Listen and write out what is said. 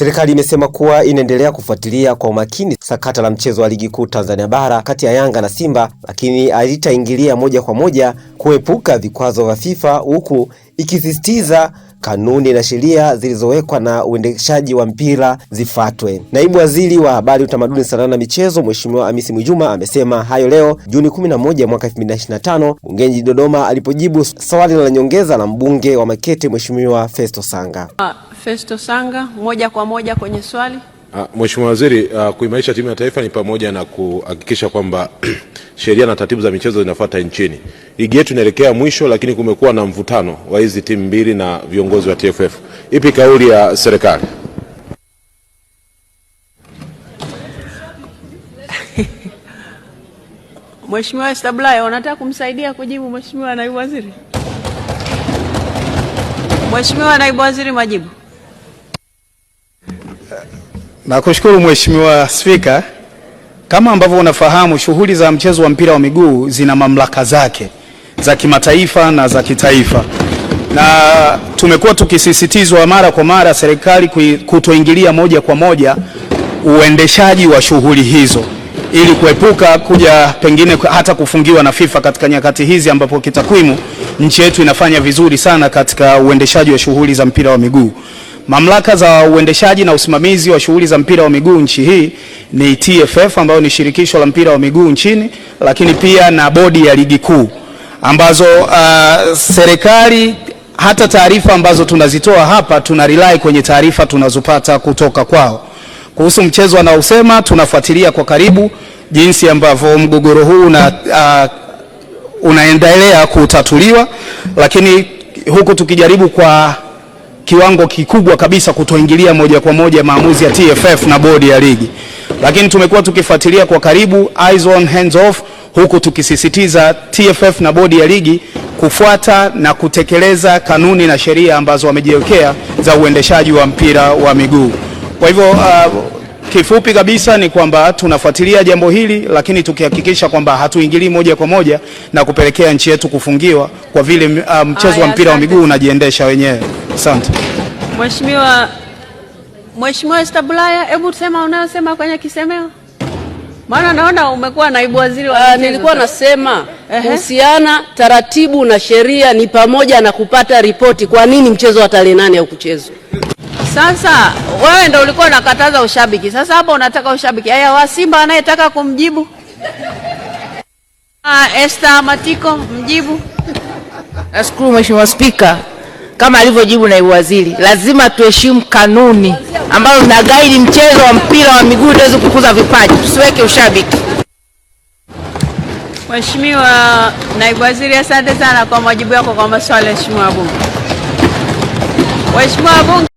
Serikali imesema kuwa inaendelea kufuatilia kwa umakini sakata la mchezo wa Ligi Kuu Tanzania Bara kati ya Yanga na Simba, lakini haitaingilia moja kwa moja kuepuka vikwazo vya FIFA huku ikisisitiza kanuni na sheria zilizowekwa na uendeshaji wa mpira zifuatwe. Naibu Waziri wa Habari, Utamaduni, Sanaa na Michezo, Mheshimiwa Hamisi Mwinjuma amesema hayo leo Juni 11 mwaka 2025 bungeni jijini Dodoma alipojibu swali la nyongeza la mbunge wa Makete Mheshimiwa Festo Sanga. Festo Sanga, moja kwa moja kwenye swali. Ah, Mheshimiwa Waziri, uh, kuimarisha timu ya taifa ni pamoja na kuhakikisha kwamba sheria na taratibu za michezo zinafuata nchini. Ligi yetu inaelekea mwisho, lakini kumekuwa na mvutano wa hizi timu mbili na viongozi wa TFF. Ipi kauli ya serikali? Mheshimiwa Stablaya, unataka kumsaidia kujibu Mheshimiwa Naibu Waziri? Mheshimiwa Naibu Waziri, majibu. Nakushukuru Mheshimiwa Spika. Kama ambavyo unafahamu, shughuli za mchezo wa mpira wa miguu zina mamlaka zake za kimataifa na za kitaifa, na tumekuwa tukisisitizwa mara kwa mara serikali kutoingilia moja kwa moja uendeshaji wa shughuli hizo ili kuepuka kuja pengine hata kufungiwa na FIFA katika nyakati hizi ambapo kitakwimu nchi yetu inafanya vizuri sana katika uendeshaji wa shughuli za mpira wa miguu. Mamlaka za uendeshaji na usimamizi wa shughuli za mpira wa miguu nchi hii ni TFF ambayo ni shirikisho la mpira wa miguu nchini, lakini pia na bodi ya ligi kuu ambazo uh, serikali hata taarifa ambazo tunazitoa hapa tuna rely kwenye taarifa tunazopata kutoka kwao. Kuhusu mchezo anaosema, tunafuatilia kwa karibu jinsi ambavyo mgogoro huu una, uh, unaendelea kutatuliwa, lakini huku tukijaribu kwa kiwango kikubwa kabisa kutoingilia moja kwa moja maamuzi ya TFF na bodi ya ligi, lakini tumekuwa tukifuatilia kwa karibu, eyes on hands off, huku tukisisitiza TFF na bodi ya ligi kufuata na kutekeleza kanuni na sheria ambazo wamejiwekea za uendeshaji wa mpira wa miguu. Kwa hivyo uh, Kifupi kabisa ni kwamba tunafuatilia jambo hili, lakini tukihakikisha kwamba hatuingilii moja kwa moja na kupelekea nchi yetu kufungiwa kwa vile uh, mchezo wa mpira wa miguu unajiendesha wenyewe. Asante. Mheshimiwa Mheshimiwa Esther Bulaya, hebu sema unayosema kwenye kisemeo, maana naona umekuwa naibu waziri wa ah, nilikuwa nasema kuhusiana taratibu na sheria ni pamoja na kupata ripoti. Kwa nini mchezo wa tarehe nane kuchezwa Sasa wewe ndio ulikuwa unakataza ushabiki, sasa hapo unataka ushabiki. Haya, wa Simba anayetaka kumjibu ah, Esther Matiko mjibu. Nashukuru Mheshimiwa Spika kama alivyojibu naibu waziri, lazima tuheshimu kanuni ambazo zina guide mchezo wa mpira wa miguu tuweze kukuza vipaji, tusiweke ushabiki. Mheshimiwa naibu waziri, asante sana kwa majibu yako kwa maswali ya Mheshimiwa wabunge Mheshimiwa Bunge